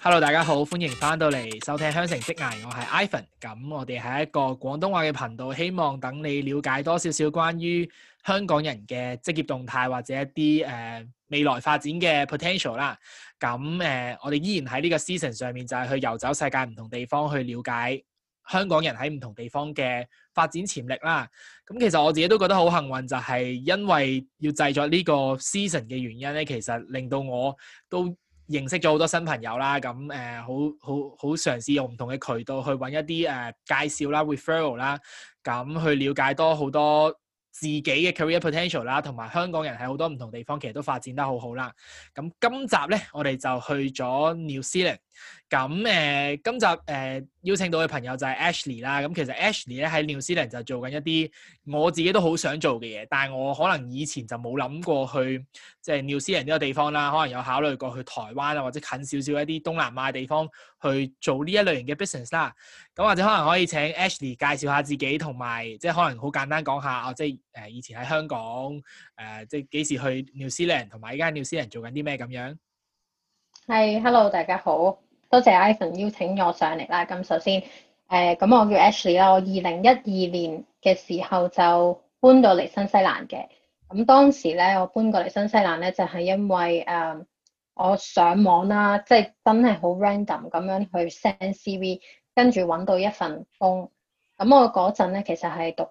Hello，大家好，歡迎翻到嚟收聽《香城職涯》，我係 Ivan。咁我哋係一個廣東話嘅頻道，希望等你了解多少少關於香港人嘅職業動態或者一啲誒、呃、未來發展嘅 potential 啦。咁誒、呃，我哋依然喺呢個 season 上面，就係去遊走世界唔同地方，去了解香港人喺唔同地方嘅發展潛力啦。咁其實我自己都覺得好幸運，就係因為要製作呢個 season 嘅原因咧，其實令到我都認識咗好多新朋友啦，咁誒、呃，好好好嘗試用唔同嘅渠道去揾一啲誒、呃、介紹啦、referral 啦，咁去了解多好多自己嘅 career potential 啦，同埋香港人喺好多唔同地方其實都發展得好好啦。咁今集咧，我哋就去咗 New Zealand。咁誒、呃，今集誒、呃、邀請到嘅朋友就係 Ashley 啦。咁其實 Ashley 咧，喺 New Zealand 就做緊一啲我自己都好想做嘅嘢，但係我可能以前就冇諗過去即係 New Zealand 呢個地方啦。可能有考慮過去台灣啊，或者近少少一啲東南亞地方去做呢一類型嘅 business 啦。咁或者可能可以請 Ashley 介紹下自己，同埋即係可能好簡單講下，哦、啊，即係誒以前喺香港誒、呃，即係幾時去 New Zealand，同埋依家喺 New Zealand 做緊啲咩咁樣。係、hey,，Hello，大家好。多謝 Eason 邀請我上嚟啦。咁首先，誒、呃、咁我叫 Ashley 啦。我二零一二年嘅時候就搬到嚟新西蘭嘅。咁當時咧，我搬過嚟新西蘭咧，就係、是、因為誒、呃、我上網啦，即係真係好 random 咁樣去 send CV，跟住揾到一份工。咁我嗰陣咧，其實係讀誒、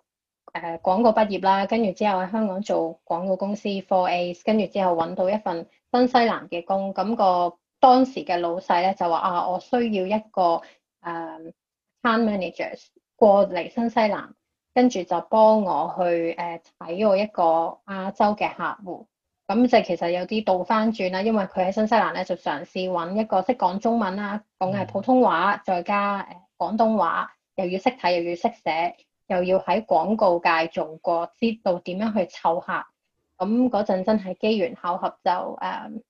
呃、廣告畢業啦，跟住之後喺香港做廣告公司 Four As，跟住之後揾到一份新西蘭嘅工。咁、那個當時嘅老細咧就話啊，我需要一個誒、uh, time managers 過嚟新西蘭，跟住就幫我去誒睇、uh, 我一個亞洲嘅客戶。咁即係其實有啲倒翻轉啦，因為佢喺新西蘭咧就嘗試揾一個識講中文啦，講嘅係普通話，再加誒、uh, 廣東話，又要識睇又要識寫，又要喺廣告界做過，知道點樣去湊客。咁嗰陣真係機緣巧合就誒。Uh,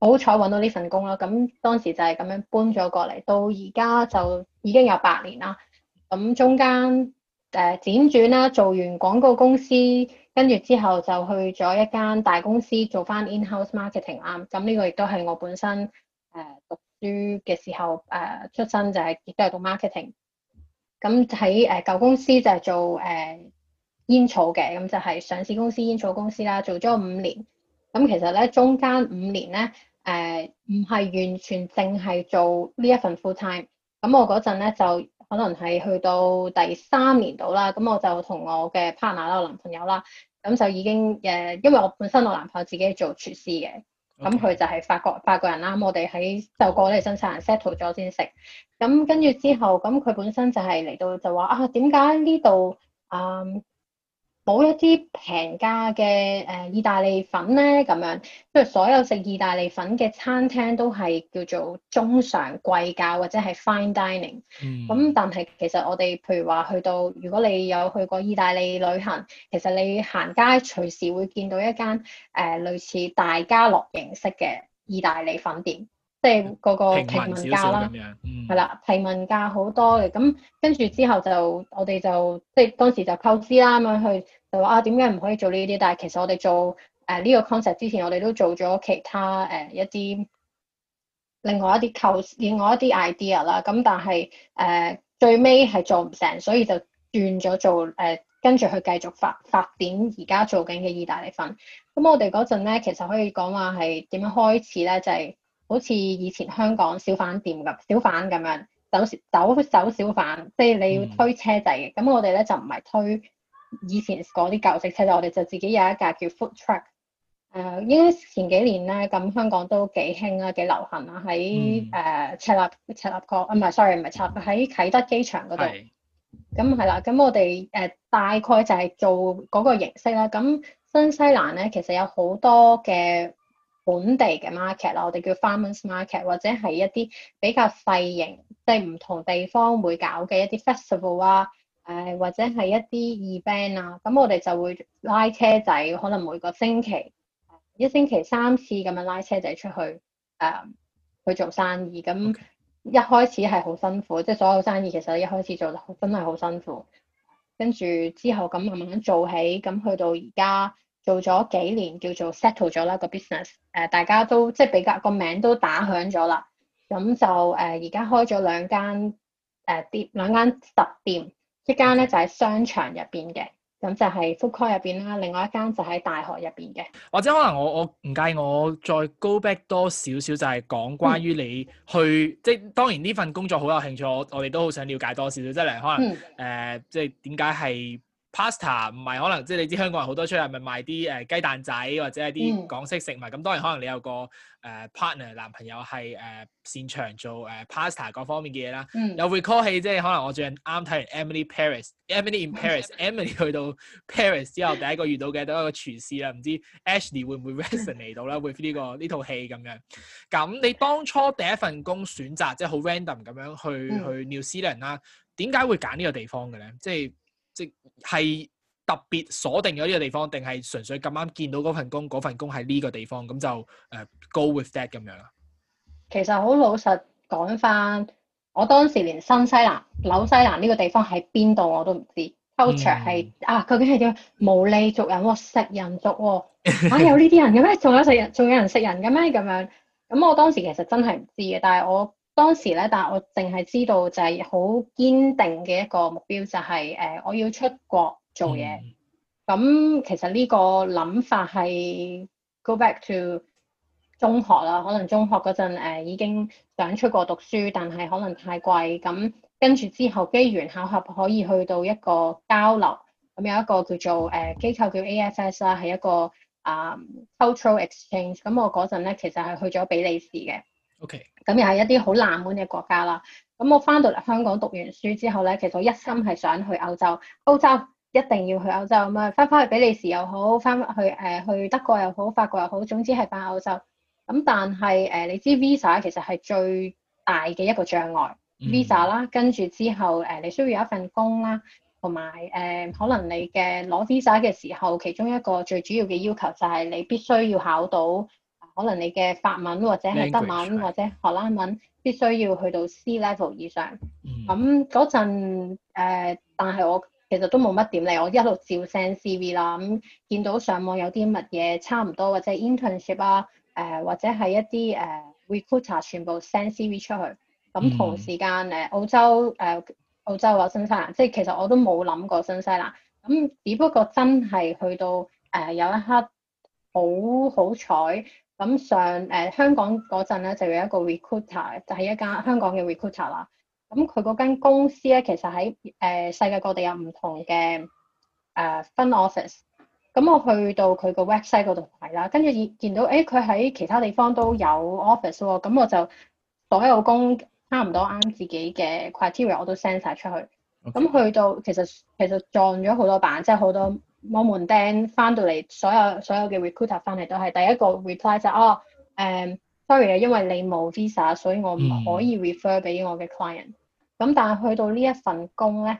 好彩揾到呢份工啦，咁當時就係咁樣搬咗過嚟，到而家就已經有八年啦。咁中間誒、呃、輾轉啦，做完廣告公司，跟住之後就去咗一間大公司做返 in-house marketing 啱。咁呢個亦都係我本身誒、呃、讀書嘅時候誒、呃、出身就係亦都係讀 marketing。咁喺誒舊公司就係做誒煙草嘅，咁、呃、就係上市公司煙草公司啦，做咗五年。咁其實咧，中間五年咧。誒唔係完全淨係做呢一份 full time，咁我嗰陣咧就可能係去到第三年度啦，咁我就同我嘅 partner 啦，我男朋友啦，咁就已經誒、呃，因為我本身我男朋友自己做廚師嘅，咁佢就係法國法國人啦，咁我哋喺就過嚟新西蘭 settle 咗先食，咁跟住之後咁佢本身就係嚟到就話啊點解呢度啊？冇一啲平價嘅誒、呃、意大利粉咧咁樣，即係所有食意大利粉嘅餐廳都係叫做中上貴價或者係 fine dining、嗯。咁但係其實我哋譬如話去到，如果你有去過意大利旅行，其實你行街隨時會見到一間誒、呃、類似大家樂形式嘅意大利粉店，嗯、即係嗰個平民價啦。嗯。係啦，平民價好多嘅，咁跟住之後就我哋就即係當時就購資啦，咁樣去。就話啊，點解唔可以做呢啲？但係其實我哋做誒呢、呃這個 concept 之前，我哋都做咗其他誒、呃、一啲另外一啲構，另外一啲 idea 啦。咁但係誒、呃、最尾係做唔成，所以就轉咗做誒、呃，跟住去繼續發發展。而家做緊嘅意大利粉。咁我哋嗰陣咧，其實可以講話係點樣開始咧？就係、是、好似以前香港小販店咁，小販咁樣走走走小販，即、就、係、是、你要推車仔嘅。咁、嗯、我哋咧就唔係推。以前嗰啲舊式車，但我哋就自己有一架叫 food truck 誒、呃，應該前幾年咧，咁香港都幾興、嗯呃、啊，幾流行啊，喺誒赤鱲赤鱲角啊，唔係，sorry，唔係插喺啟德機場嗰度。咁係啦，咁我哋誒大概就係做嗰個形式啦。咁新西蘭咧，其實有好多嘅本地嘅 market 啦，我哋叫 farmers market，或者係一啲比較細型，即係唔同地方會搞嘅一啲 festival 啊。誒，或者係一啲 event 啊，咁我哋就會拉車仔，可能每個星期一星期三次咁樣拉車仔出去，誒、呃，去做生意。咁一開始係好辛苦，Okay. 即係所有生意其實一開始做得真係好辛苦。跟住之後咁慢慢做起，咁去到而家做咗幾年，叫做 settle 咗啦個 business、呃。誒，大家都即係比較個名都打響咗啦。咁就誒，而、呃、家開咗兩間誒店，兩間實店。一間咧就喺商場入邊嘅，咁就係 food court 入邊啦。另外一間就喺大學入邊嘅。或者可能我我唔介意我再 go back 多少少，就係講關於你去，嗯、即係當然呢份工作好有興趣，我我哋都好想了解多少少，即係可能誒、嗯呃，即係點解係？Pasta 唔係可能即係你知香港人好多出去咪賣啲誒雞蛋仔或者係啲港式食物咁，嗯、當然可能你有個誒 partner、呃、男朋友係誒、呃、擅長做誒、呃、pasta 各方面嘅嘢啦。嗯、有 recall 戲即係可能我最近啱睇完 Emily Paris、嗯、Emily in Paris、嗯嗯、Emily 去到 Paris 之後第一個遇到嘅都係一個廚師啦。唔知 Ashley 會唔會 resonate 到啦 with 呢個呢套、這個、戲咁樣。咁你當初第一份工選擇即係好 random 咁樣去去，去 New Zealand 啦，點解會揀呢個地方嘅咧？即、就、係、是。即係特別鎖定咗呢個地方，定係純粹咁啱見到嗰份工，嗰份工喺呢個地方，咁就誒、uh, go with that 咁樣啊。其實好老實講返，我當時連新西蘭紐西蘭呢個地方喺邊度我都唔知、嗯、culture 係啊，究竟係啲毛利族人喎，食人族喎、啊，嚇、 哎、有呢啲人嘅咩？仲有食人，仲有人食人嘅咩？咁樣咁我當時其實真係唔知嘅，但係我。當時咧，但我淨係知道就係好堅定嘅一個目標，就係、是、誒我要出國做嘢。咁、嗯、其實呢個諗法係 go back to 中學啦，可能中學嗰陣、呃、已經想出國讀書，但係可能太貴。咁跟住之後機緣巧合可以去到一個交流，咁有一個叫做誒、呃、機構叫 AFS 啦，係一個啊、um, cultural exchange 那那。咁我嗰陣咧其實係去咗比利時嘅。O.K. 咁又係一啲好冷門嘅國家啦。咁我翻到嚟香港讀完書之後咧，其實我一心係想去歐洲。歐洲一定要去歐洲咁啊，翻翻去比利時又好，翻去誒去德國又好，法國又好，總之係翻歐洲。咁但係誒，你知 Visa 其實係最大嘅一個障礙。Visa 啦，mm-hmm，跟住之後誒，你需要有一份工啦，同埋誒可能你嘅攞 Visa 嘅時候，其中一個最主要嘅要求就係你必須要考到。可能你嘅法文或者係德文 Language，或者荷蘭文必須要去到 C level 以上。咁嗰陣誒、呃、但係我其實都冇乜點理，我一路照 send CV 啦。咁、嗯、見到上網有啲乜嘢差唔多，或者 internship 啊，誒、呃、或者係一啲誒、呃、recruiter 全部 send CV 出去。咁、嗯嗯、同時間誒、呃、澳洲誒、呃、澳洲啊新西蘭，即係其實我都冇諗過新西蘭。咁、嗯、只不過真係去到誒、呃、有一刻好好彩。咁、嗯、上誒、呃、香港嗰陣咧，就有一個 recruiter，就係一間香港嘅 recruiter 啦、嗯。咁佢嗰間公司咧，其實喺誒、呃、世界各地有唔同嘅誒、呃、分 office、嗯。咁我去到佢個 website 嗰度睇啦，跟住見到誒佢喺其他地方都有 office 喎、哦。咁、嗯、我就所有工差唔多啱自己嘅 criteria，我都 send 晒出去。咁、嗯 Okay. 嗯、去到其實其實撞咗好多版，即係好多。我門 den 翻到嚟，所有所有嘅 recruiter 翻嚟都係第一個 reply 就哦、是，誒、oh, um,，sorry 啊，因為你冇 visa，所以我唔可以 refer 俾我嘅 client。咁、嗯、但係去到呢一份工咧，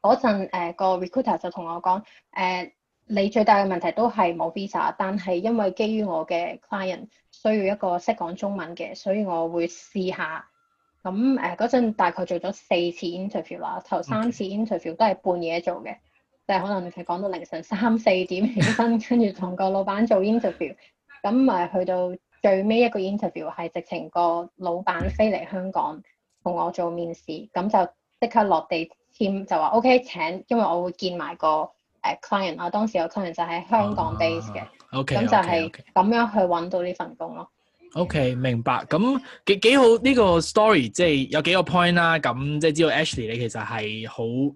嗰陣誒個 recruiter 就同我講，誒、呃，你最大嘅問題都係冇 visa，但係因為基於我嘅 client 需要一個識講中文嘅，所以我會試下。咁誒嗰陣大概做咗四次 interview 啦，頭三次 interview okay. 都係半夜做嘅。即係可能佢講到凌晨三四點起身，跟住同個老闆做 interview，咁咪 去到最尾一個 interview 係直情個老闆飛嚟香港同我做面試，咁就即刻落地簽就話 OK 請，因為我會見埋個誒 client 啊，當時個 client 就喺香港 base 嘅，OK 咁就係咁樣去揾到呢份工咯。啊、o、okay, K、okay, okay. okay, 明白，咁幾幾好呢、呢個 story，即係有幾個 point 啦，咁即係知道 Ashley 你其實係好。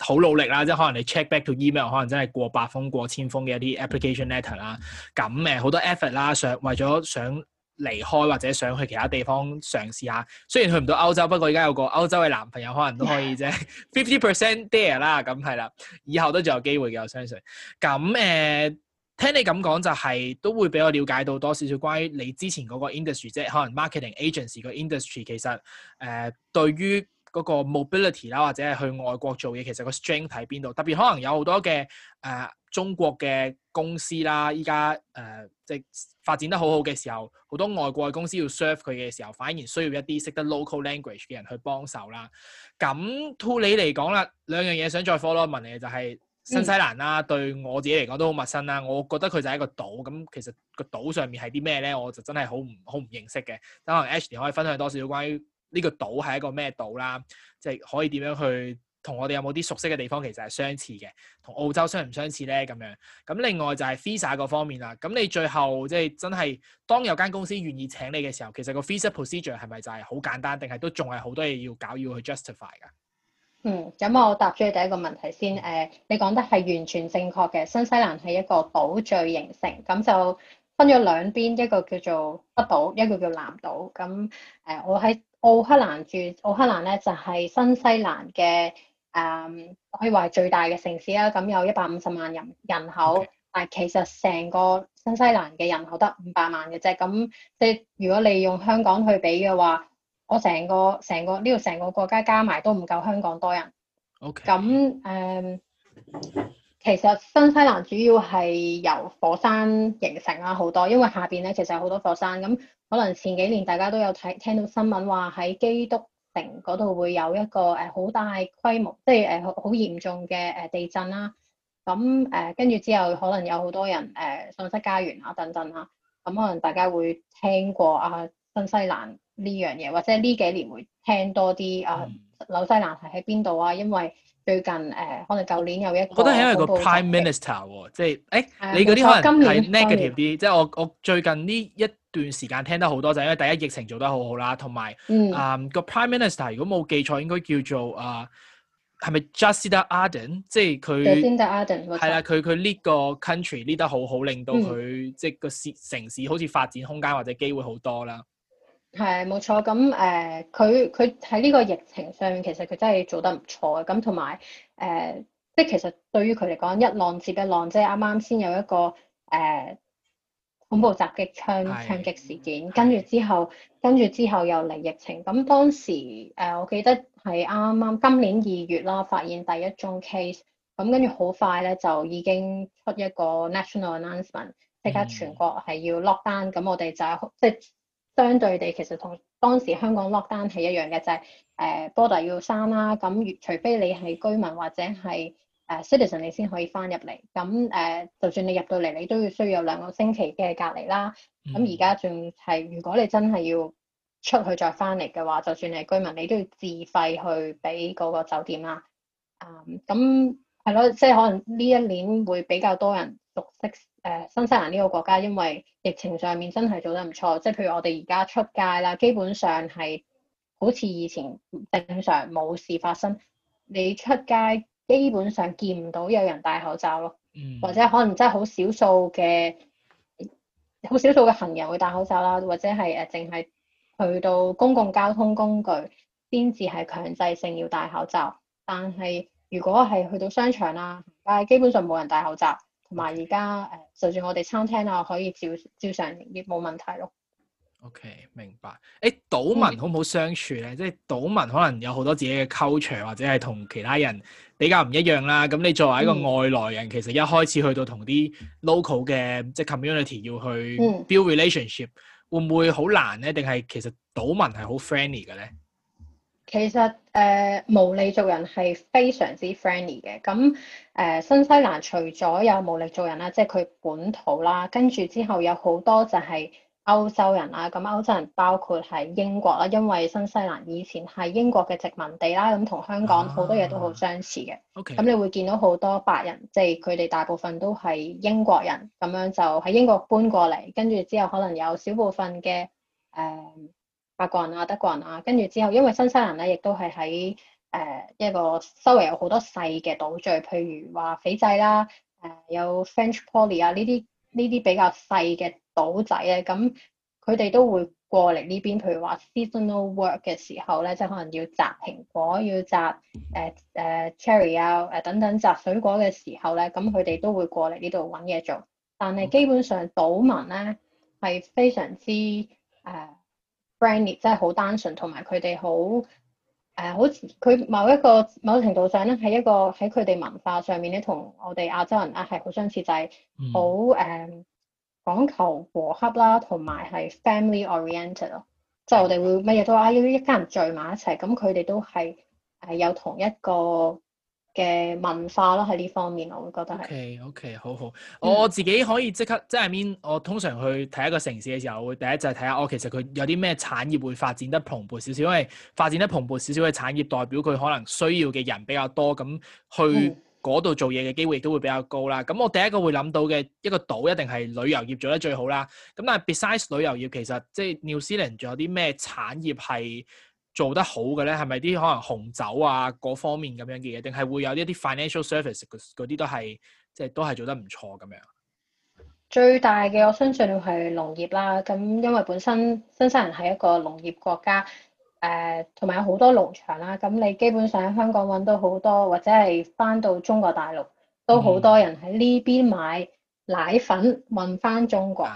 好努力啦，即係可能你 check back to email，可能真係過百封、過千封嘅一啲 application letter 啦。咁誒好多 effort 啦，想為咗想離開或者想去其他地方嘗試下。雖然去唔到歐洲，不過而家有個歐洲嘅男朋友，可能都可以啫。Fifty Yeah . percent there 啦，咁係啦，以後都仲有機會嘅，我相信。咁誒、呃，聽你咁講就係、是、都會畀我了解到多少少關於你之前嗰個 industry，即係可能 marketing agency 個 industry 其實誒、呃、對於。嗰個 mobility 啦，或者係去外國做嘢，其實個 strength 喺邊度？特別可能有好多嘅誒、呃、中國嘅公司啦，依家誒即係發展得好好嘅時候，好多外國嘅公司要 serve 佢嘅時候，反而需要一啲識得 local language 嘅人去幫手啦。咁 to 你嚟講啦，兩樣嘢想再 follow 問你就係、是、新西蘭啦，嗯、對我自己嚟講都好陌生啦。我覺得佢就係一個島，咁其實個島上面係啲咩咧？我就真係好唔好唔認識嘅。等可能 H 年可以分享多少關於？呢個島係一個咩島啦？即係可以點樣去同我哋有冇啲熟悉嘅地方，其實係相似嘅，同澳洲相唔相似咧？咁樣，咁另外就係 visa 個方面啦。咁你最後即係真係當有間公司願意請你嘅時候，其實個 visa procedure 係咪就係好簡單，定係都仲係好多嘢要搞要去 justify 㗎？嗯，咁我答咗你第一個問題先。誒，你講得係完全正確嘅。新西蘭係一個島嶼形成，咁就分咗兩邊，一個叫做北島，一個叫南島。咁誒，我喺奧克蘭住奧克蘭咧，就係新西蘭嘅誒，um, 可以話係最大嘅城市啦。咁有一百五十萬人人口，Okay. 但係其實成個新西蘭嘅人口得五百萬嘅啫。咁即係如果你用香港去比嘅話，我成個成個呢度成個國家加埋都唔夠香港多人。O Okay . K。咁誒。其實新西蘭主要係由火山形成啦，好多，因為下邊咧其實有好多火山。咁可能前幾年大家都有睇聽到新聞話喺基督城嗰度會有一個誒好大規模，即係誒好好嚴重嘅誒地震啦。咁誒跟住之後可能有好多人誒喪失家園啊，等等啦。咁可能大家會聽過啊新西蘭呢樣嘢，或者呢幾年會聽多啲啊、嗯、紐西蘭係喺邊度啊，因為。最近誒、呃，可能舊年有一個，我覺得係因為個 prime minister 喎，即係誒，嗯、你嗰那啲可能係 negative 啲。然即係我我最近呢一段時間聽得好多就係因為第一疫情做得好好啦，同埋嗯個、呃、prime minister 如果冇記錯應該叫做啊，係咪 Jacinda Ardern 即係佢 j 係啦，佢佢 lead 個 country lead 得好好，令到佢即係個城市好似發展空間或者機會好多啦。係冇錯，咁誒佢佢喺呢個疫情上面，其實佢真係做得唔錯嘅，咁同埋誒即係其實對於佢嚟講一浪接一浪，即係啱啱先有一個誒、呃、恐怖襲擊槍的槍擊事件，的跟住之後的跟住之，之後又嚟疫情，咁當時誒、呃、我記得係啱啱今年二月啦，發現第一宗 case，咁跟住好快咧就已經出一個 national announcement，即刻全國係要 lock down 咁我哋就即、係、係。的相對地，其實同當時香港 lock down 係一樣嘅，就係誒 border 要閂啦，咁除非你係居民或者係誒、呃、citizen，你先可以翻入嚟。咁誒、呃，就算你入到嚟，你都要需要有兩個星期嘅隔離啦。咁而家仲係，如果你真係要出去再翻嚟嘅話，就算你係居民，你都要自費去俾嗰個酒店啦。啊、嗯，咁係咯，即係、就是、可能呢一年會比較多人熟悉。誒，新西蘭呢個國家因為疫情上面真係做得唔錯，即係譬如我哋而家出街啦，基本上係好似以前正常冇事發生，你出街基本上見唔到有人戴口罩咯，嗯、或者可能真係好少數嘅好少數嘅行人會戴口罩啦，或者係誒淨係去到公共交通工具先至係強制性要戴口罩，但係如果係去到商場啦、行街，基本上冇人戴口罩。同埋而家誒，就算我哋餐廳啊，可以照照常營業，冇問題咯。OK，明白。誒，島民好唔好相處咧？嗯、即係島民可能有好多自己嘅 culture，或者係同其他人比較唔一樣啦。咁你作為一個外來人，嗯、其實一開始去到同啲 local 嘅即係 community 要去 build relationship，嗯、會唔會好難咧？定係其實島民係好 friendly 嘅咧？其實誒、呃、毛利族人係非常之 friendly 嘅，咁誒、呃、新西蘭除咗有毛利族人啦，即係佢本土啦，跟住之後有好多就係歐洲人啦，咁歐洲人包括係英國啦，因為新西蘭以前係英國嘅殖民地啦，咁同香港好多嘢都好相似嘅。咁、啊 okay. 你會見到好多白人，即係佢哋大部分都係英國人，咁樣就喺英國搬過嚟，跟住之後可能有少部分嘅誒。呃法國人啊，德國人啊，跟住之後，因為新西蘭咧，亦都係喺誒一個周圍有好多細嘅島嶼，譬如話斐濟啦，呃、有 French Polynesia 啊呢啲呢啲比較細嘅島仔咧，咁佢哋都會過嚟呢邊，譬如話 seasonal work 嘅時候咧，即係可能要摘蘋果，要摘誒誒、呃呃、cherry 啊，誒等等摘水果嘅時候咧，咁佢哋都會過嚟呢度揾嘢做。但係基本上島民咧係非常之誒。呃 granite 真係好單純，同埋佢哋好誒好似佢某一個某程度上咧，係一個喺佢哋文化上面咧，同我哋亞洲人啊係好相似，就係好誒講求和諧啦，同埋係 family oriented 咯，即係我哋會乜嘢都啊要一家人聚埋一齊，咁佢哋都係誒有同一個。嘅文化咯，喺呢方面我會覺得係。OK，OK，好好，嗯、我自己可以刻即刻即係面。我通常去睇一個城市嘅時候，我會第一就係睇下哦，其實佢有啲咩產業會發展得蓬勃少少，因為發展得蓬勃少少嘅產業代表佢可能需要嘅人比較多，咁去嗰度做嘢嘅機會亦都會比較高啦。咁、嗯、我第一個會諗到嘅一個島一定係旅遊業做得最好啦。咁但係 besides 旅遊業，其實即係 New Zealand 仲有啲咩產業係？做得好嘅咧，係咪啲可能紅酒啊嗰方面咁樣嘅嘢，定係會有一啲 financial service 嗰啲都係即係都係做得唔錯咁樣？最大嘅我相信係農業啦，咁因為本身新西蘭係一個農業國家，誒同埋有好多農場啦，咁你基本上喺香港揾到好多，或者係翻到中國大陸都好多人喺呢邊買。嗯奶粉運翻中國，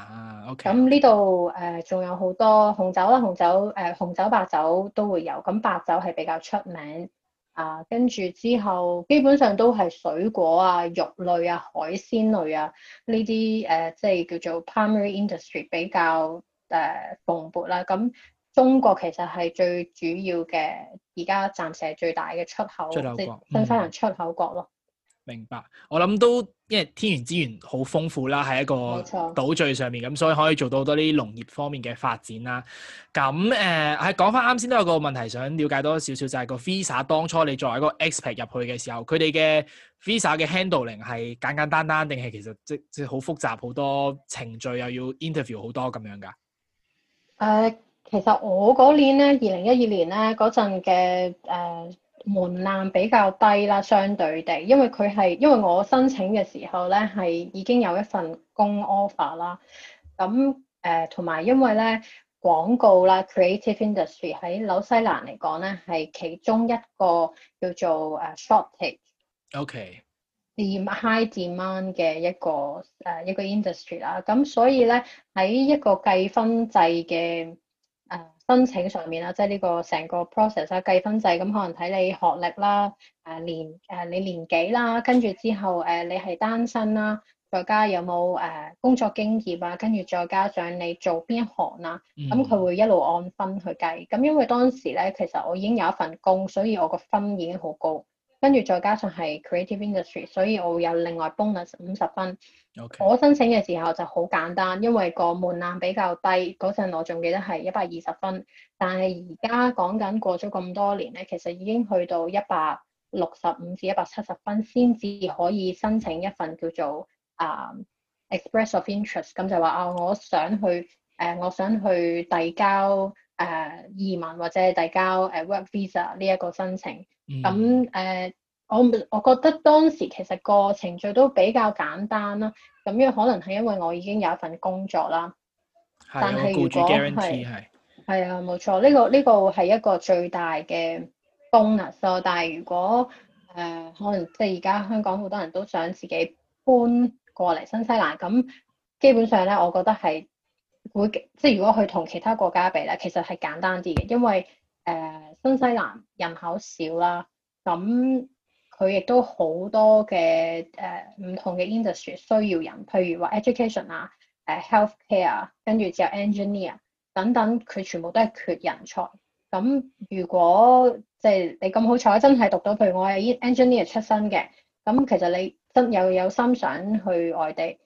咁呢度誒仲有好多紅酒啦，紅酒誒、呃、紅酒、白酒都會有，咁白酒係比較出名啊。跟住之後，基本上都係水果啊、肉類啊、海鮮類啊呢啲誒，即係叫做 primary industry 比較誒、呃、蓬勃啦。咁、啊、中國其實係最主要嘅，而家暫時係最大嘅出口，出口即係新西蘭出口國咯。嗯明白，我諗都因為天然資源好豐富啦，喺一個島嶼上面，咁錯所以可以做到好多啲農業方面嘅發展啦。咁誒，係講翻啱先都有個問題想了解多少少，就係、是、個 Visa 當初你作為一個 Expert 入去嘅時候，佢哋嘅 Visa 嘅 Handling 係簡簡單單定係其實即即好複雜好多程序又要 Interview 好多咁樣噶？誒、呃，其實我嗰年咧，二零一二年咧嗰陣嘅誒。門檻比較低啦，相對地，因為佢係因為我申請嘅時候咧，係已經有一份工 offer 啦。咁誒，同、呃、埋因為咧廣告啦，creative industry 喺紐西蘭嚟講咧係其中一個叫做誒、uh, shortage，OK，demand high demand 嘅一個誒、uh, 一個 industry 啦。咁所以咧喺一個計分制嘅申請上面啦，即係呢個成個 process 啊，計分制咁，可能睇你學歷啦，誒年誒你年紀啦，跟住之後誒你係單身啦，再加有冇誒工作經驗啊，跟住再加上你做邊一行啊，咁佢會一路按分去計。咁因為當時咧，其實我已經有一份工，所以我個分已經好高。跟住再加上係 creative industry，所以我有另外 bonus 五十分。Okay. 我申請嘅時候就好簡單，因為個門檻比較低，嗰陣我仲記得係一百二十分。但係而家講緊過咗咁多年咧，其實已經去到一百六十五至一百七十分先至可以申請一份叫做啊、um, express of interest，咁、嗯、就話啊、哦、我想去誒、呃、我想去遞交。誒、uh, 移民或者遞交誒、uh, work visa 呢一個申請，咁誒、嗯 uh, 我我覺得當時其實個程序都比較簡單啦，咁因為可能係因為我已經有一份工作啦。係雇主 guarantee 係，係啊，冇錯，呢、這個呢、這個係一個最大嘅 bonus 咯。n 但係如果誒、uh, 可能即係而家香港好多人都想自己搬過嚟新西蘭，咁基本上咧，我覺得係。會即係如果佢同其他國家比咧，其實係簡單啲嘅，因為誒、呃、新西蘭人口少啦，咁佢亦都好多嘅誒唔同嘅 industry 需要人，譬如話 education 啊、誒 healthcare，跟住之後 engineer 等等，佢全部都係缺人才。咁如果即係你咁好彩，真係讀到，譬如我係 engineer 出身嘅，咁其實你真又有，有心想去外地。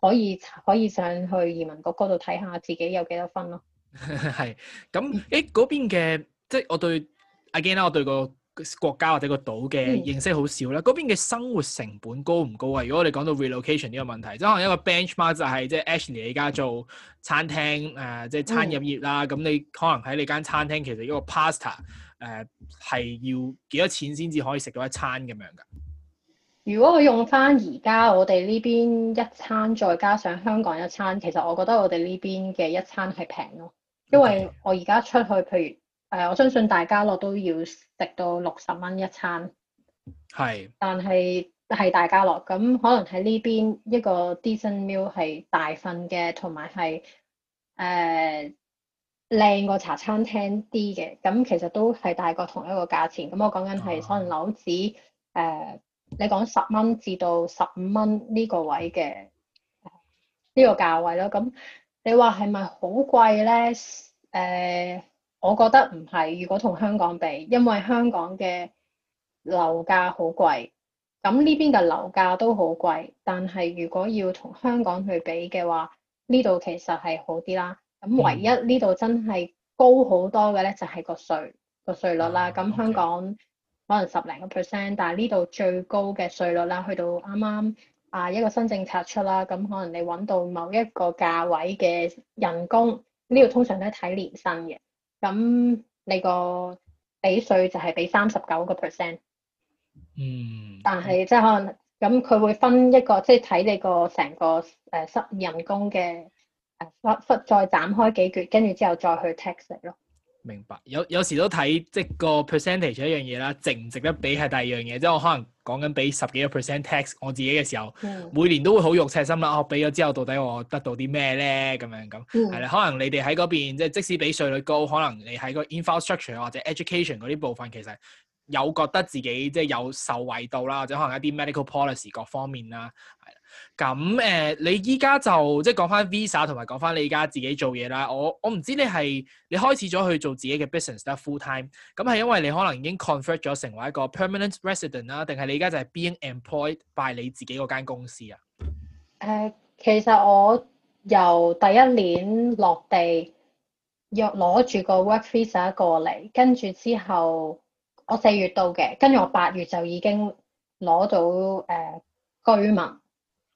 可以可以上去移民局嗰度睇下自己有幾多分咯。係咁， 誒嗰邊嘅，即係我對 again 啦，我對個國家或者個島嘅認識好少啦。嗰、嗯、邊嘅生活成本高唔高啊？如果我哋講到 relocation 呢個問題，即可能一個 benchmark 就係、是、即係 Ashley 而家做餐廳誒、呃，即係餐飲業啦。咁、嗯、你可能喺你間餐廳其實一個 pasta 誒、呃、係要幾多錢先至可以食到一餐咁樣㗎？如果我用翻而家我哋呢邊一餐，再加上香港一餐，其實我覺得我哋呢邊嘅一餐係平咯，因為我而家出去，譬如誒、呃，我相信大家樂都要食到六十蚊一餐。係是。但係係大家樂咁，可能喺呢邊一個 decent meal 係大份嘅，同埋係誒靚過茶餐廳啲嘅，咁其實都係大概同一個價錢。咁我講緊係可能樓子誒。呃你講十蚊至到十五蚊呢個位嘅呢個價位咯，咁你話係咪好貴咧？誒、呃，我覺得唔係。如果同香港比，因為香港嘅樓價好貴，咁呢邊嘅樓價都好貴，但係如果要同香港去比嘅話，呢度其實係好啲啦。咁唯一呢度真係高好多嘅咧，就係、嗯、個稅個稅率啦。咁香港。嗯 okay. 可能十零個 percent，但係呢度最高嘅稅率啦，去到啱啱啊一個新政策出啦，咁可能你揾到某一個價位嘅人工，呢度通常都係睇年薪嘅，咁你個俾稅就係俾三十九個 percent。嗯。但係即係可能咁，佢會分一個即係睇你個成個誒薪人工嘅誒忽忽再斬開幾橛，跟住之後再去 tax 你咯。明白，有有時都睇，即個 percentage 一樣嘢啦，值唔值得俾，係第二樣嘢。即我可能講緊俾十幾個 percent tax 我自己嘅時候，嗯、每年都會好肉赤心啦。我俾咗之後，到底我得到啲咩咧？咁樣咁係啦。可能你哋喺嗰邊，即即使俾稅率高，可能你喺個 infrastructure 或者 education 嗰啲部分，其實有覺得自己即有受惠到啦，或者可能一啲 medical policy 各方面啦，係。咁誒、呃，你依家就即係講翻 Visa，同埋講翻你而家自己做嘢啦。我我唔知你係你開始咗去做自己嘅 business 得 full time，咁係因為你可能已經 convert 咗成為一個 permanent resident 啦，定係你而家就係 being employed by 你自己嗰間公司啊？誒、呃，其實我由第一年落地，約攞住個 work visa 過嚟，跟住之後我四月到嘅，跟住我八月就已經攞到誒、呃、居民。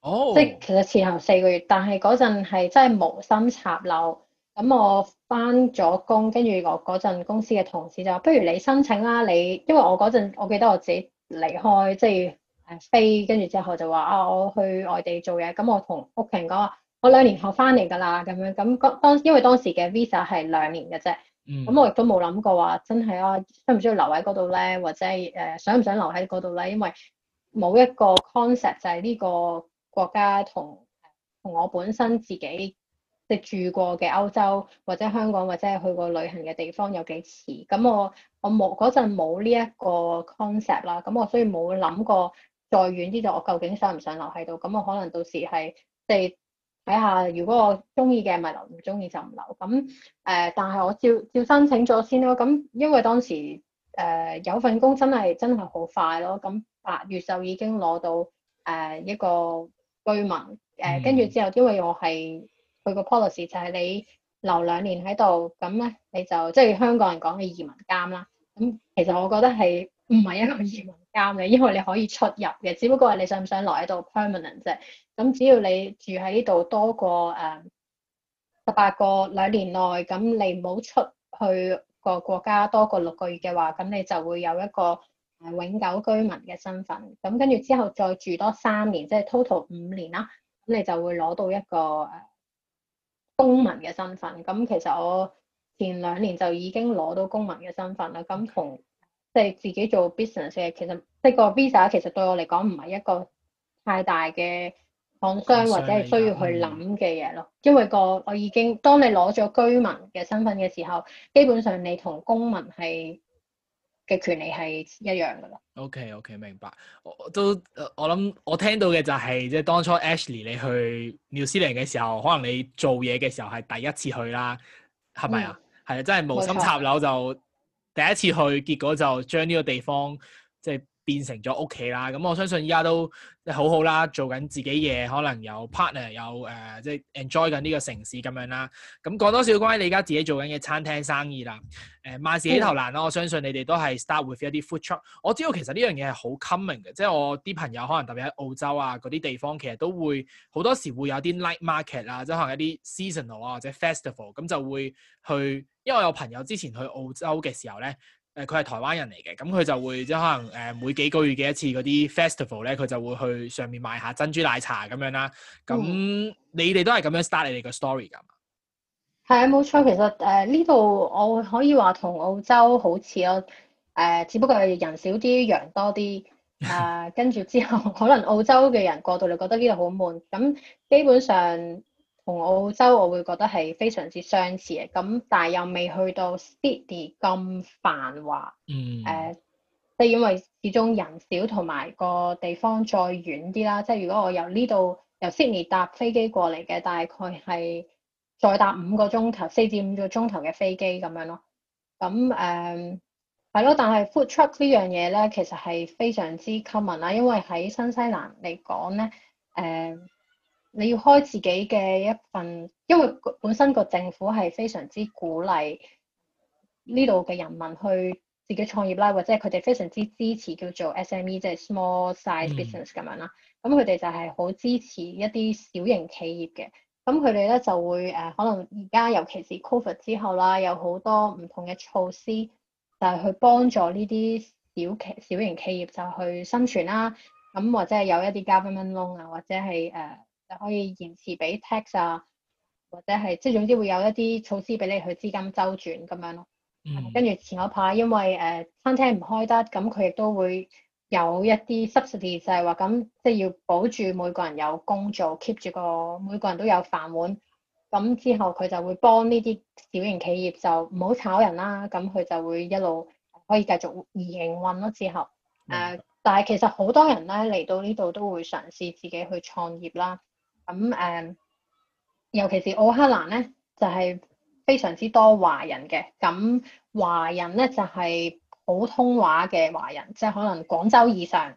哦，oh. 即係其實前後四個月，但係嗰陣係真係無心插柳。咁我翻咗工，跟住我嗰陣公司嘅同事就話：不如你申請啦、啊，你因為我嗰陣我記得我自己離開，即係誒飛，跟住之後就話啊，我去外地做嘢。咁我同屋企人講話，我兩年後翻嚟㗎啦，咁樣咁當因為當時嘅 visa 係兩年嘅啫。嗯、mm. 咁我亦都冇諗過話真係啊，需唔需要留喺嗰度咧，或者係誒、呃、想唔想留喺嗰度咧？因為冇一個 concept 就係呢、這個。國家同同我本身自己即住過嘅歐洲或者香港或者係去過旅行嘅地方有幾似，咁我我冇嗰陣冇呢一個 concept 啦，咁我所以冇諗過再遠啲就我究竟想唔想留喺度，咁我可能到時係即係睇下如果我中意嘅咪留，唔中意就唔留，咁誒、呃。但係我照照申請咗先咯，咁因為當時誒、呃、有份工真係真係好快咯，咁八月就已經攞到誒、呃、一個。居民誒，跟住、呃嗯、之後，因為我係佢個 policy 就係你留兩年喺度，咁咧你就即係香港人講嘅移民監啦。咁其實我覺得係唔係一個移民監嘅，因為你可以出入嘅，只不過係你想唔想留喺度 permanent 啫。咁只要你住喺呢度多過誒十八個兩年內，咁你唔好出去個國家多過六個月嘅話，咁你就會有一個。永久居民嘅身份，咁跟住之後再住多三年，即係 total 五年啦，咁你就會攞到一個公民嘅身份。咁其實我前兩年就已經攞到公民嘅身份啦。咁同即係自己做 business 嘅，其實即個 visa 其實對我嚟講唔係一個太大嘅抗傷或者係需要去諗嘅嘢咯。因為個我已經，當你攞咗居民嘅身份嘅時候，基本上你同公民係。嘅權利係一樣噶咯。OK，OK，明白。我，我都，我諗我聽到嘅就係、是，即係當初 Ashley 你去 New Zealand 嘅時候，可能你做嘢嘅時候係第一次去啦，係咪、嗯、啊？係啊，真係無心插柳就第一次去，冇錯。結果就將呢個地方即係。變成咗屋企啦，咁我相信依家都好好啦，做緊自己嘢，可能有 partner，有誒，即係 enjoy 緊呢個城市咁樣啦。咁講多少關於你而家自己做緊嘅餐廳生意啦。誒、呃，萬事起頭難咯，我相信你哋都係 start with 一啲 food truck。我知道其實呢樣嘢係好 common 嘅，即係我啲朋友可能特別喺澳洲啊嗰啲地方，其實都會好多時會有啲 night market 啊，即係可能一啲 seasonal 啊或者 festival 咁就會去。因為我有朋友之前去澳洲嘅時候咧。誒佢係台灣人嚟嘅，咁佢就會即係可能誒每幾個月嘅一次嗰啲 festival 咧，佢就會去上面賣下珍珠奶茶咁樣啦。咁、嗯、你哋都係咁樣 start 你哋個 story 㗎？係啊、嗯，冇錯，其實誒呢度我可以話同澳洲好似咯，誒、呃，只不過係人少啲、羊多啲。誒、呃，跟住之後可能澳洲嘅人過度就覺得呢度好悶。咁基本上。同澳洲我會覺得係非常之相似嘅，咁但係又未去到 Sydney 咁繁華。嗯。誒、呃，即係因為始終人少同埋個地方再遠啲啦。即係如果我由呢度由 Sydney 搭飛機過嚟嘅，大概係再搭五個鐘頭，四至五個鐘頭嘅飛機咁樣，樣咯。咁誒係咯，但係 food truck 呢樣嘢咧，其實係非常之 common 啦。因為喺新西蘭嚟講咧，誒、呃。你要開自己嘅一份，因為本身個政府係非常之鼓勵呢度嘅人民去自己創業啦，或者係佢哋非常之支持叫做 SME，即係 small size business 咁、嗯、樣啦。咁佢哋就係好支持一啲小型企業嘅。咁佢哋咧就會誒、呃，可能而家尤其是 Covid 之後啦，有好多唔同嘅措施，就係去幫助呢啲小企小型企業就去生存啦。咁或者係有一啲 government loan 啊，或者係誒、呃可以延遲俾 tax 啊，或者係即係總之會有一啲措施俾你去資金周轉咁樣咯。嗯、跟住前一排因為誒、呃、餐廳唔開得，咁佢亦都會有一啲 subsidy 就係話咁，即係要保住每個人有工做，keep 住個每個人都有飯碗。咁之後佢就會幫呢啲小型企業就唔好炒人啦，咁佢就會一路可以繼續營運咯。之後誒，嗯、但係其實好多人咧嚟到呢度都會嘗試自己去創業啦。咁誒、嗯，尤其是奧克蘭咧，就係、是、非常之多華人嘅。咁、嗯、華人咧就係、是、普通話嘅華人，即係可能廣州以上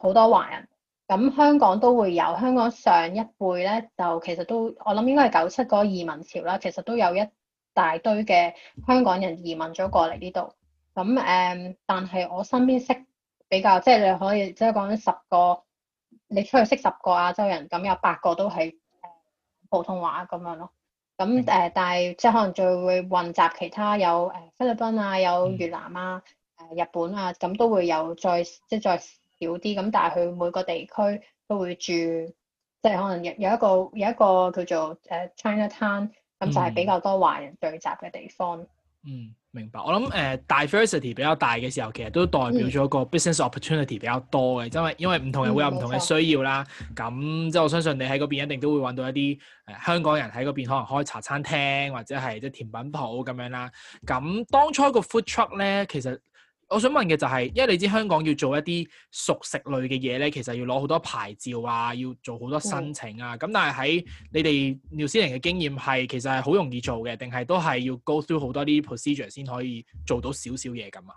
好多華人。咁、嗯、香港都會有，香港上一輩咧就其實都我諗應該係九七嗰個移民潮啦，其實都有一大堆嘅香港人移民咗過嚟呢度。咁、嗯、誒、嗯，但係我身邊識比較，即係你可以即係講緊十個。你出去識十個亞洲人，咁有八個都係普通話咁樣咯。咁誒、嗯呃，但係即係可能就會混雜其他有誒、呃、菲律賓啊、有越南啊、誒、呃、日本啊，咁都會有再即係再少啲。咁但係佢每個地區都會住，即係可能有有一個有一個叫做誒、呃、China Town，咁就係比較多華人聚集嘅地方。嗯。嗯。明白，我諗誒、呃、diversity 比較大嘅時候，其實都代表咗個 business opportunity 比較多嘅，因為因為唔同人會有唔同嘅需要啦。咁即係我相信你喺嗰邊一定都會搵到一啲誒、呃、香港人喺嗰邊可能開茶餐廳或者係即係甜品鋪咁樣啦。咁當初個 food truck 咧，其實。我想問嘅就係、是，因為你知香港要做一啲熟食類嘅嘢咧，其實要攞好多牌照啊，要做好多申請啊。咁、嗯、但係喺你哋 New Zealand 嘅經驗係，其實係好容易做嘅，定係都係要 go through 好多啲 procedure 先可以做到少少嘢咁啊？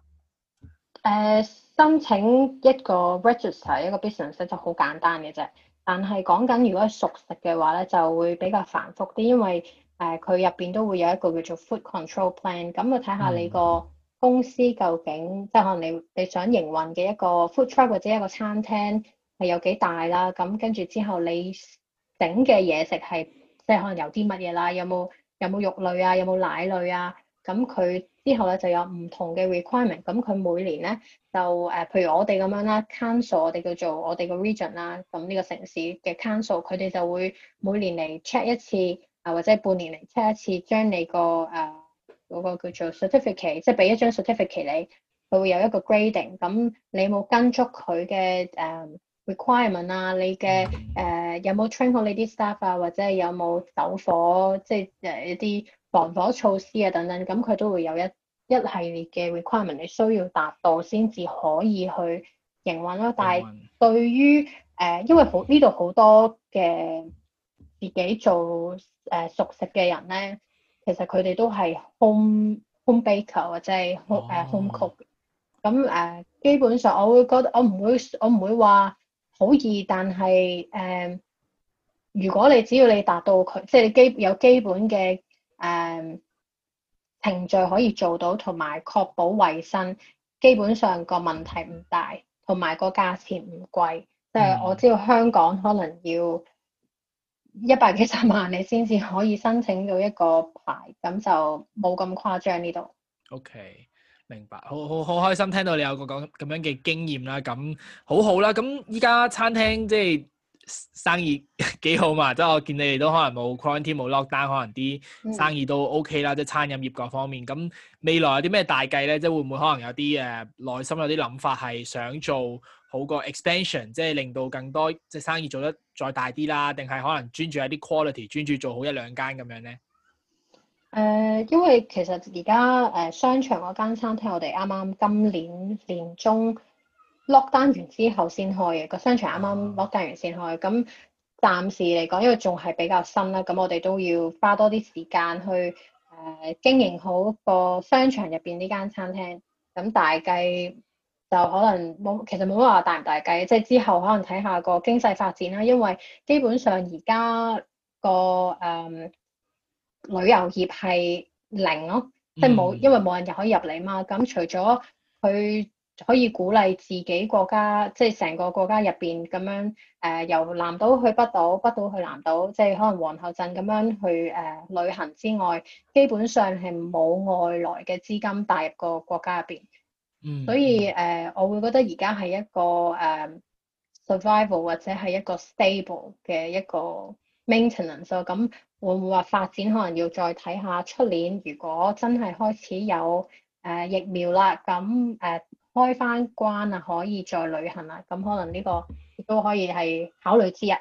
誒、呃，申請一個 register 一個 business 就好簡單嘅啫。但係講緊如果係熟食嘅話咧，就會比較繁複啲，因為誒佢入邊都會有一個叫做 food control plan，咁要睇下你個、嗯。公司究竟即係可能你你想營運嘅一個 food truck 或者一個餐廳係有幾大啦，咁跟住之後你整嘅嘢食係即係可能有啲乜嘢啦，有冇有冇肉類啊，有冇奶類啊，咁佢之後咧就有唔同嘅 requirement，咁佢每年咧就誒、呃，譬如我哋咁樣啦 c o u n c e l 我哋叫做我哋個 region 啦，咁呢個城市嘅 c o u n c e l 佢哋就會每年嚟 check 一次，啊或者半年嚟 check 一次，將你個誒。呃嗰個叫做 certificate，即係俾一張 certificate 你，佢會有一個 grading 有有。咁、嗯呃、你有冇跟足佢嘅誒 requirement 啊？你嘅誒有冇 train 好你啲 staff 啊？或者係有冇走火，即係誒一啲防火措施啊等等。咁佢都會有一一系列嘅 requirement，你需要達到先至可以去營運咯。運但係對於誒、呃，因為好呢度好多嘅自己做誒、呃、熟食嘅人咧。其實佢哋都係 home home baker 或者係 home 誒 home cook，咁誒基本上我會覺得我唔會我唔會話好易，但係誒、uh, 如果你只要你達到佢，即係你基有基本嘅誒、uh, 程序可以做到，同埋確保衞生，基本上個問題唔大，同埋個價錢唔貴，mm hmm. 即係我知道香港可能要。一百幾十萬你先至可以申請到一個牌，咁就冇咁誇張呢度。OK，明白，好好好開心聽到你有個咁咁樣嘅經驗啦，咁好好啦。咁依家餐廳即係生意幾好嘛，即係我見你哋都可能冇 quarantine 冇 lock down，可能啲生意都 OK 啦、嗯，即係餐飲業各方面。咁未來有啲咩大計咧？即係會唔會可能有啲誒內心有啲諗法係想做？好過 expansion，即係令到更多即係生意做得再大啲啦，定係可能專注喺啲 quality，專注做好一兩間咁樣咧？誒、呃，因為其實而家誒商場嗰間、嗯間，呃、間餐廳，我哋啱啱今年年中 lock 單完之後先開嘅，個商場啱啱 lock 單完先開，咁暫時嚟講，因為仲係比較新啦，咁我哋都要花多啲時間去誒經營好個商場入邊呢間餐廳，咁大計。就可能冇，其實冇乜話大唔大計，即係之後可能睇下個經濟發展啦。因為基本上而家、個誒、嗯、旅遊業係零咯、哦，即係冇，因為冇人就可以入嚟嘛。咁除咗佢可以鼓勵自己國家，即係成個國家入邊咁樣誒、呃、由南島去北島，北島去南島，即係可能皇后鎮咁樣去誒、呃、旅行之外，基本上係冇外來嘅資金帶入個國家入邊。嗯，所以誒，uh, 我會覺得而家係一個誒、uh, survival 或者係一個 stable 嘅一個 maintenance 啊、嗯，咁會唔會話發展可能要再睇下？出年如果真係開始有誒疫苗啦，咁誒開翻關啊，可以再旅行啦，咁可能呢個亦都可以係考慮之一。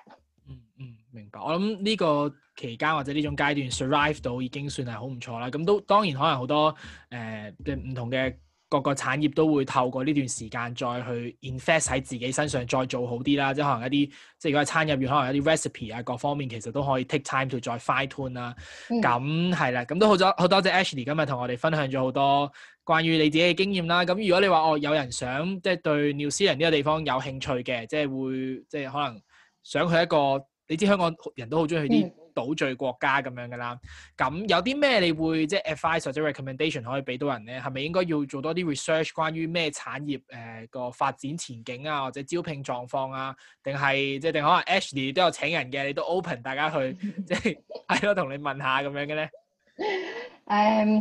嗯嗯，明白。我諗呢個期間或者呢種階段 survive 到已經算係好唔錯啦。咁都當然可能好多誒嘅唔同嘅。個個產業都會透過呢段時間再去 invest 喺自己身上，再做好啲啦。即係可能一啲，即係如果係餐飲業，可能一啲 recipe 啊，各方面其實都可以 take time to 再 fine tune 啦。咁係啦，咁都好咗好。多謝 Ashley 今日同我哋分享咗好多關於你自己嘅經驗啦。咁如果你話哦，有人想即係對 New Zealand 呢個地方有興趣嘅，即係會即係可能想去一個，你知香港人都好中意去啲。嗯島嶼國家咁樣嘅啦，咁有啲咩你會即係 advice 或者 recommendation 可以俾到人咧？係咪應該要做多啲 research 關於咩產業誒個發展前景啊，或者招聘狀況啊，定係即係定可能 Ashley 都有請人嘅，你都 open 大家去即係係咯，同 你問下咁樣嘅咧？誒，um,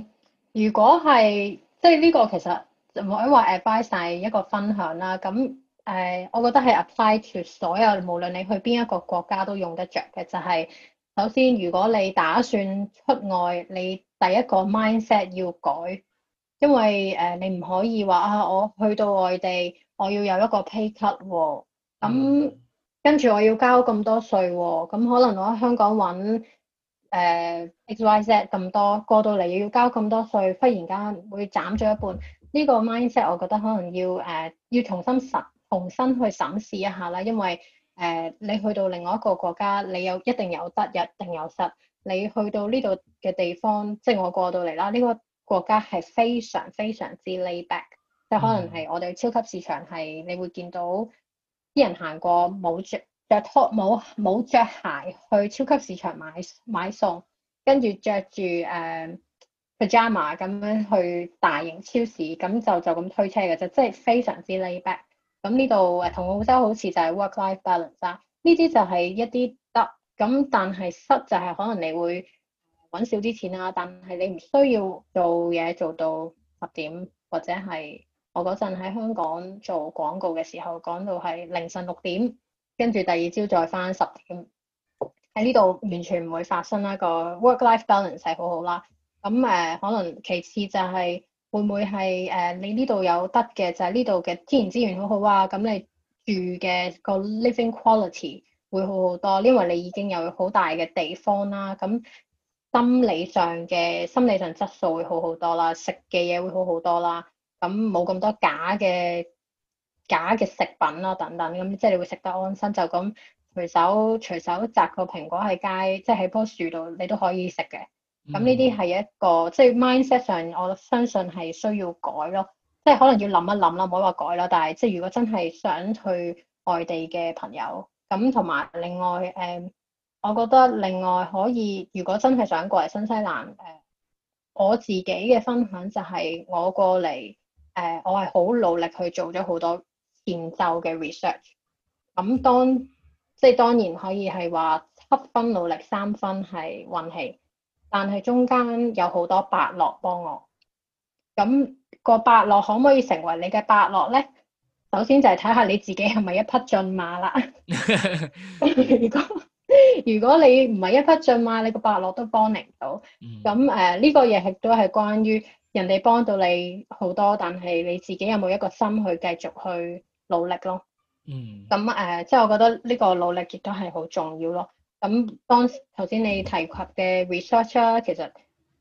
如果係即係呢個其實唔可以話 advice 係一個分享啦。咁誒，uh, 我覺得係 apply to 所有無論你去邊一個國家都用得着嘅，就係、是。首先，如果你打算出外，你第一個 mindset 要改，因為誒、呃、你唔可以話啊，我去到外地，我要有一個 pay cut 咁、哦嗯、跟住我要交咁多稅咁、哦、可能我喺香港揾誒、呃、XYZ 咁多，過到嚟又要交咁多稅，忽然間會斬咗一半。呢、這個 mindset 我覺得可能要誒、呃、要重新審重新去審視一下啦，因為。誒，uh, 你去到另外一個國家，你有一定有得，一定有失。你去到呢度嘅地方，即係我過到嚟啦，呢、這個國家係非常非常之 laid back，、mm hmm. 即係可能係我哋超級市場係你會見到啲人行過冇着著拖冇冇著鞋去超級市場買買餸，跟住着住誒、uh, pajama 咁樣去大型超市，咁就就咁推車嘅啫，即係非常之 laid back。咁呢度誒同澳洲好似就係 work-life balance 啦。呢啲就係一啲得，咁但係失就係可能你會揾少啲錢啦，但係你唔需要做嘢做到十點，或者係我嗰陣喺香港做廣告嘅時候講到係凌晨六點，跟住第二朝再返十點，喺呢度完全唔會發生，一個 work-life balance 係好好啦。咁誒、呃，可能其次就係、是。會唔會係誒？Uh, 你呢度有得嘅就係呢度嘅天然資源好好啊！咁你住嘅個 living quality 會好好多，因為你已經有好大嘅地方啦。咁心理上嘅心理上質素會好好多啦，食嘅嘢會好好多啦。咁冇咁多假嘅假嘅食品啦，等等。咁即係你會食得安心，就咁隨手隨手摘個蘋果喺街，即係喺棵樹度，你都可以食嘅。咁呢啲係一個即係、就是、mindset 上，我相信係需要改咯，即係可能要諗一諗啦，唔好話改啦。但係即係如果真係想去外地嘅朋友，咁同埋另外誒、呃，我覺得另外可以，如果真係想過嚟新西蘭誒、呃，我自己嘅分享就係我過嚟誒、呃，我係好努力去做咗好多前奏嘅 research。咁當即係當然可以係話七分努力，三分係運氣。但係中間有好多伯樂幫我，咁個伯樂可唔可以成為你嘅伯樂咧？首先就係睇下你自己係咪一匹駿馬啦。 如果如果你唔係一匹駿馬，你個伯樂都幫你唔到。咁誒呢個嘢亦都係關於人哋幫到你好多，但係你自己有冇一個心去繼續去努力咯？嗯。咁誒，即係我覺得呢個努力亦都係好重要咯。咁當頭先你提及嘅 research 啦、er,，其實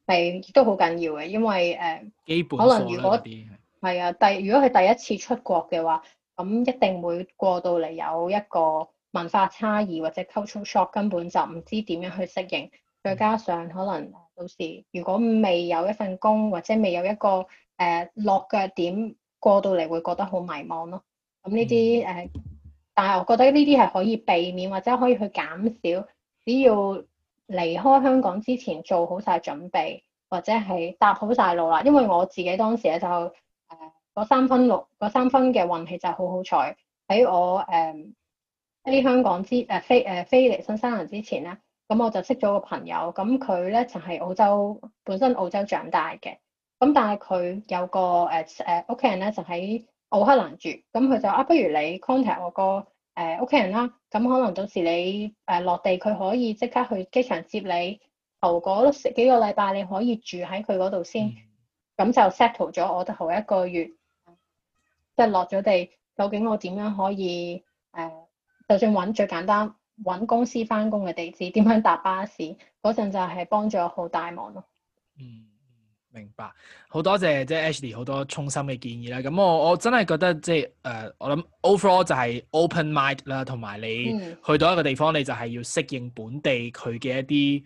係都好緊要嘅，因為誒，基本可能如果係啊，第些如果佢第一次出國嘅話，咁一定會過到嚟有一個文化差異或者 culture shock，根本就唔知點樣去適應。嗯、再加上可能到時如果未有一份工或者未有一個誒、呃、落腳點，過到嚟會覺得好迷茫咯。咁呢啲誒。嗯但係我覺得呢啲係可以避免或者可以去減少，只要離開香港之前做好晒準備，或者係搭好晒路啦。因為我自己當時咧就誒三分六，三分嘅運氣就係好好彩，喺我誒飛、呃、香港之誒、呃、飛誒、呃、飛嚟新西蘭之前咧，咁我就識咗個朋友，咁佢咧就係、是、澳洲本身澳洲長大嘅，咁但係佢有個誒誒屋企人咧就喺、是。奧克蘭住，咁佢就啊，不如你 contact 我個誒屋企人啦。咁可能到時你誒、呃、落地，佢可以即刻去機場接你。頭嗰幾個禮拜，你可以住喺佢嗰度先，咁、嗯、就 settle 咗我頭一個月。即、就、係、是、落咗地，究竟我點樣可以誒、呃，就算揾最簡單揾公司返工嘅地址，點樣搭巴士嗰陣就係幫咗好大忙咯。嗯。明白，好多謝即係 Ashley 好多衷心嘅建議啦。咁我我真係覺得即係誒、呃，我諗 overall 就係 open mind 啦，同埋你去到一個地方，嗯、你就係要適應本地佢嘅一啲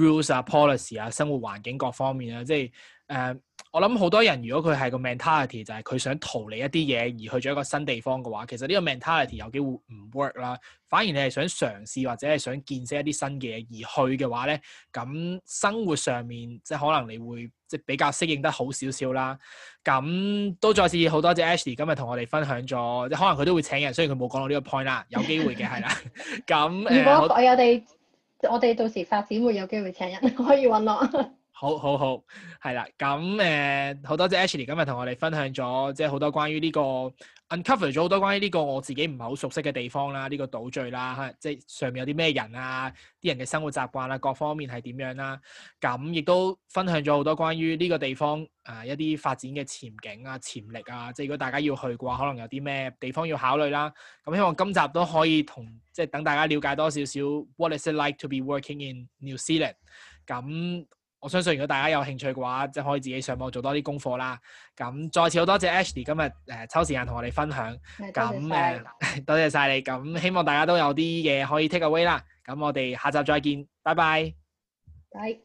rules 啊、policy 啊、生活環境各方面啦，即係。誒，uh, 我諗好多人如果佢係個 mentality 就係佢想逃離一啲嘢，而去咗一個新地方嘅話，其實呢個 mentality 有機會唔 work 啦。反而你係想嘗試或者係想見識一啲新嘅嘢而去嘅話咧，咁生活上面即係可能你會即係比較適應得好少少啦。咁都再次好多謝謝 Ashley 今日同我哋分享咗，即可能佢都會請人，雖然佢冇講到呢個 point 啦，有機會嘅係啦。咁誒 如果我我哋我哋到時發展會有機會請人，可以搵我。 好好好，係啦，咁誒好多謝 Ashley 今日同我哋分享咗，即係好多關於呢、這個 uncover 咗好多關於呢個我自己唔係好熟悉嘅地方啦，呢、這個島嶼啦，啊、即係上面有啲咩人啊，啲人嘅生活習慣啊，各方面係點樣啦、啊，咁、嗯、亦都分享咗好多關於呢個地方誒、啊、一啲發展嘅前景啊、潛力啊，即係如果大家要去嘅話，可能有啲咩地方要考慮啦。咁、嗯、希望今集都可以同即係等大家了解多少少 What is it like to be working in New Zealand？咁、嗯。嗯。我相信如果大家有興趣嘅話，即係可以自己上網做多啲功課啦。咁再次好多謝 Ashley 今日誒、呃、抽時間同我哋分享。咁誒、嗯，那多謝晒你。咁 希望大家都有啲嘢可以 take away 啦。咁我哋下集再見，拜拜。拜。